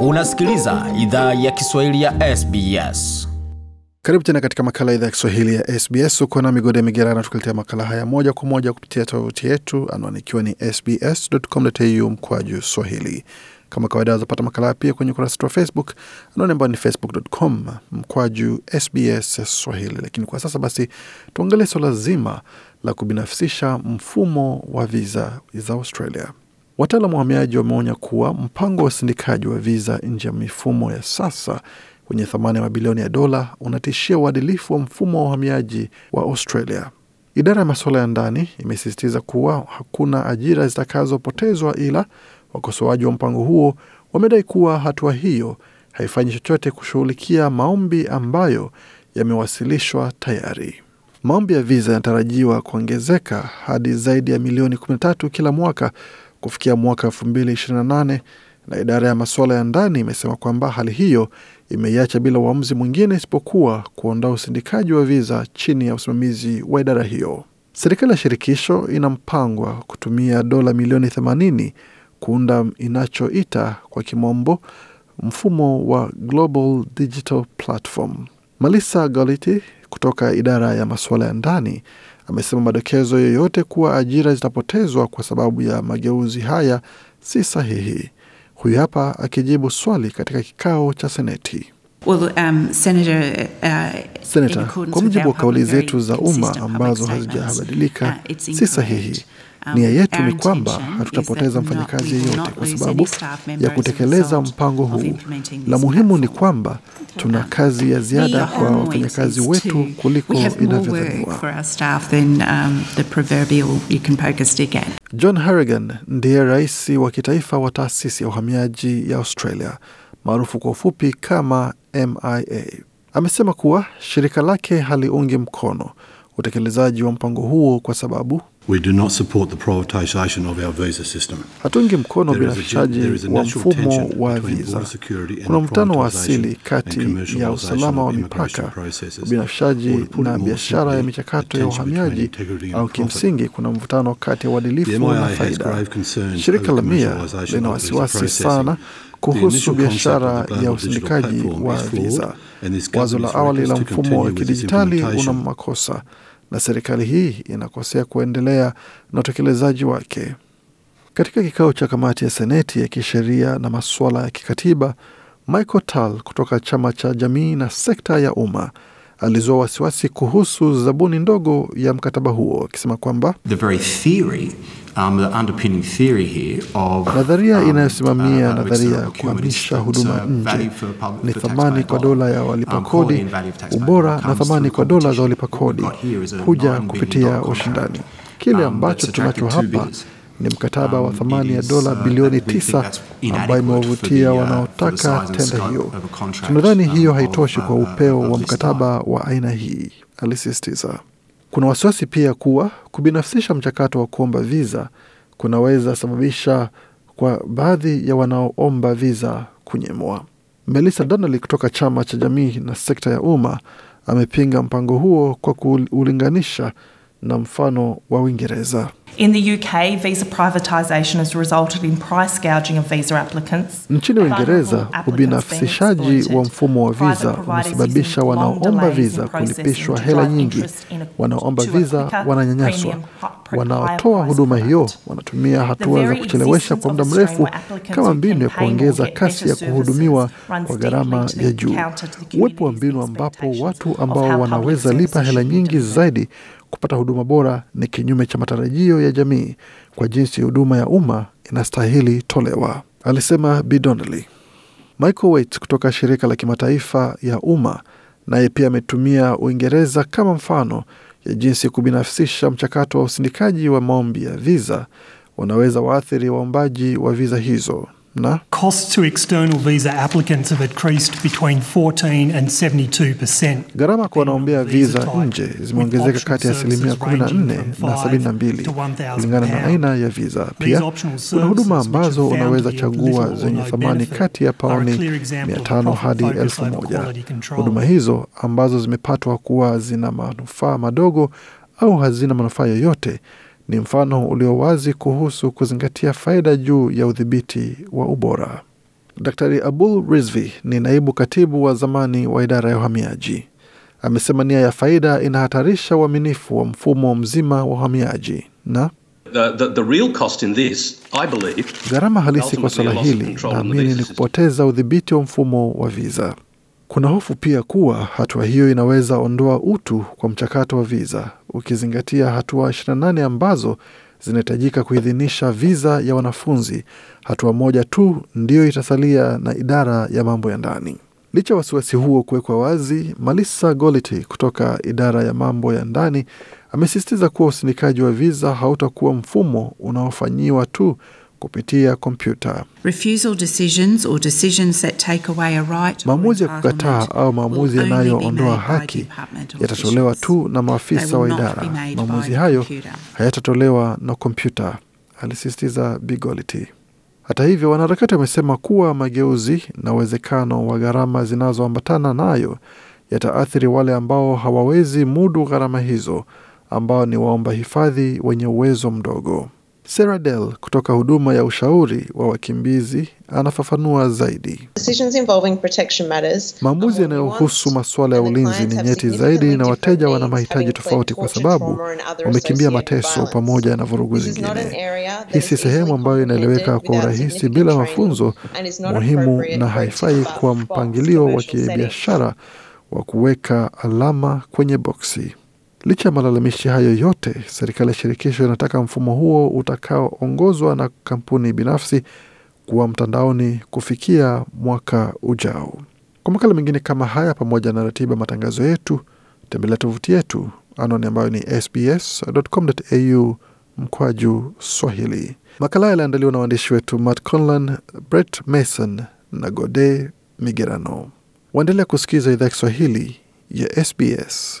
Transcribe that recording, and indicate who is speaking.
Speaker 1: Unasikiliza idhaa ya Kiswahili ya SBS. Karibu tena katika makala idhaa ya Kiswahili ya SBS. Uko na migode ya migerano, tukuletea makala haya moja kwa moja kupitia tovuti yetu, anwani ikiwa ni sbs.com.au mkwaju swahili. Kama kawaida, wazapata makala pia kwenye ukurasa wetu wa Facebook, anwani ambayo ni facebook.com mkwaju SBS Swahili. Lakini kwa sasa basi, tuangalie swala zima la kubinafsisha mfumo wa viza za Australia. Wataalamu wa uhamiaji wameonya kuwa mpango wa usindikaji wa viza nje ya mifumo ya sasa wenye thamani ya mabilioni ya dola unatishia uadilifu wa mfumo wa uhamiaji wa Australia. Idara ya masuala ya ndani imesisitiza kuwa hakuna ajira zitakazopotezwa, ila wakosoaji wa mpango huo wamedai kuwa hatua hiyo haifanyi chochote kushughulikia maombi ambayo yamewasilishwa tayari. Maombi ya viza yanatarajiwa kuongezeka hadi zaidi ya milioni 13 kila mwaka kufikia mwaka 2028 na idara ya masuala ya ndani imesema kwamba hali hiyo imeiacha bila uamuzi mwingine isipokuwa kuondoa usindikaji wa viza chini ya usimamizi wa idara hiyo. Serikali ya shirikisho ina mpango wa kutumia dola milioni 80 kuunda inachoita kwa kimombo mfumo wa Global Digital Platform. Malisa Galiti kutoka idara ya masuala ya ndani amesema madokezo yoyote kuwa ajira zitapotezwa kwa sababu ya mageuzi haya si sahihi. Huyu hapa akijibu swali katika kikao cha Seneti. Well, um, Senator, uh, Senator, kwa mujibu wa kauli zetu za umma ambazo hazijabadilika, uh, si sahihi Um, Nia yetu ni kwamba hatutapoteza mfanyakazi yeyote kwa sababu ya kutekeleza mpango huu. La muhimu ni kwamba tuna kazi ya ziada kwa wafanyakazi wetu kuliko inavyodhaniwa. Um, John Harrigan ndiye rais wa kitaifa wa taasisi ya uhamiaji ya Australia maarufu kwa ufupi kama MIA amesema kuwa shirika lake haliungi mkono utekelezaji wa mpango huo kwa sababu We do not support the of our visa system. Hatungi mkono shaji wa mfumo wa viza. Kuna mvutano wa asili kati ya usalama wa mipaka, ubinafishaji na biashara ya michakato ya uhamiaji, au kimsingi kuna mvutano kati ya uadilifu na faida. Shirika la MIA lina wasiwasi sana kuhusu biashara ya usindikaji wa viza. Wazo la awali la mfumo wa kidijitali una makosa na serikali hii inakosea kuendelea na utekelezaji wake. Katika kikao cha kamati ya seneti ya kisheria na masuala ya kikatiba, Michael Tal kutoka chama cha jamii na sekta ya umma alizua wasiwasi kuhusu zabuni ndogo ya mkataba huo akisema kwamba Um, the underpinning theory here of, um, nadharia inayosimamia uh, nadharia ya kuhamisha huduma uh, nje ni thamani kwa dola ya um, walipa kodi, ubora na thamani kwa dola za walipa kodi huja kupitia ushindani. Kile um, ambacho tunacho hapa ni mkataba wa um, thamani ya dola uh, bilioni tisa ambayo imewavutia uh, wanaotaka tenda hiyo. Tunadhani hiyo haitoshi kwa upeo wa mkataba wa aina hii, alisistiza kuna wasiwasi pia kuwa kubinafsisha mchakato wa kuomba viza kunaweza sababisha kwa baadhi ya wanaoomba viza kunyemwa Melissa Donnelly kutoka chama cha jamii na sekta ya umma amepinga mpango huo kwa kuulinganisha na mfano wa Uingereza. Nchini Uingereza, ubinafsishaji wa mfumo wa viza umesababisha wanaoomba viza kulipishwa hela nyingi. Wanaoomba viza wananyanyaswa, wanaotoa huduma hiyo wanatumia hatua za kuchelewesha kwa muda mrefu kama mbinu ya kuongeza kasi ya kuhudumiwa kwa gharama ya juu. Uwepo wa mbinu ambapo watu ambao wanaweza lipa hela nyingi zaidi kupata huduma bora ni kinyume cha matarajio ya jamii kwa jinsi huduma ya umma inastahili tolewa, alisema Bi Michael Waite kutoka shirika la kimataifa ya umma naye pia ametumia Uingereza kama mfano ya jinsi kubinafsisha mchakato wa usindikaji wa maombi ya viza wanaweza waathiri waombaji wa viza hizo. No? Costs to external visa applicants have increased between 14 and 72%. Gharama kwa wanaombea visa nje zimeongezeka kati ya asilimia 14 na 72 kulingana na aina ya visa. Pia kuna huduma ambazo unaweza chagua zenye thamani kati ya paoni 500 hadi 1000. Huduma hizo ambazo zimepatwa kuwa zina manufaa madogo au hazina manufaa yoyote ni mfano ulio wazi kuhusu kuzingatia faida juu ya udhibiti wa ubora. dr Abul Rizvi ni naibu katibu wa zamani wa idara ya uhamiaji. Amesema nia ya faida inahatarisha uaminifu wa, wa mfumo mzima wa uhamiaji na gharama halisi kwa swala hili naamini ni kupoteza udhibiti wa mfumo wa viza. Kuna hofu pia kuwa hatua hiyo inaweza ondoa utu kwa mchakato wa viza, ukizingatia hatua 28 ambazo zinahitajika kuidhinisha viza ya wanafunzi. Hatua moja tu ndiyo itasalia na idara ya mambo ya ndani. Licha ya wasiwasi huo kuwekwa wazi, Malisa Goliti kutoka idara ya mambo ya ndani amesisitiza kuwa usindikaji wa viza hautakuwa mfumo unaofanyiwa tu kupitia kompyuta. Maamuzi ya kukataa au maamuzi yanayoondoa haki yatatolewa tu na maafisa wa idara. Maamuzi hayo hayatatolewa na kompyuta, alisisitiza Bigoliti. Hata hivyo, wanaharakati wamesema kuwa mageuzi na uwezekano wa gharama zinazoambatana nayo yataathiri wale ambao hawawezi mudu gharama hizo, ambao ni waomba hifadhi wenye uwezo mdogo. Sarah Dell kutoka huduma ya ushauri wa wakimbizi anafafanua zaidi. Maamuzi yanayohusu masuala ya ulinzi ni nyeti zaidi, na wateja wana mahitaji tofauti kwa sababu wamekimbia mateso pamoja na vurugu zingine. Hii si sehemu ambayo inaeleweka kwa urahisi bila mafunzo muhimu, na haifai kwa mpangilio wa kibiashara wa kuweka alama kwenye boksi. Licha ya malalamishi hayo yote, serikali ya shirikisho inataka mfumo huo utakaoongozwa na kampuni binafsi kuwa mtandaoni kufikia mwaka ujao. Kwa makala mengine kama haya, pamoja na ratiba matangazo yetu, tembelea tovuti yetu anwani ambayo ni sbs.com.au mkwaju Swahili. Makala haya yaliandaliwa na waandishi wetu Matt Conlan, Brett Mason na Gode Migerano. Waendelea kusikiza idhaa Kiswahili ya SBS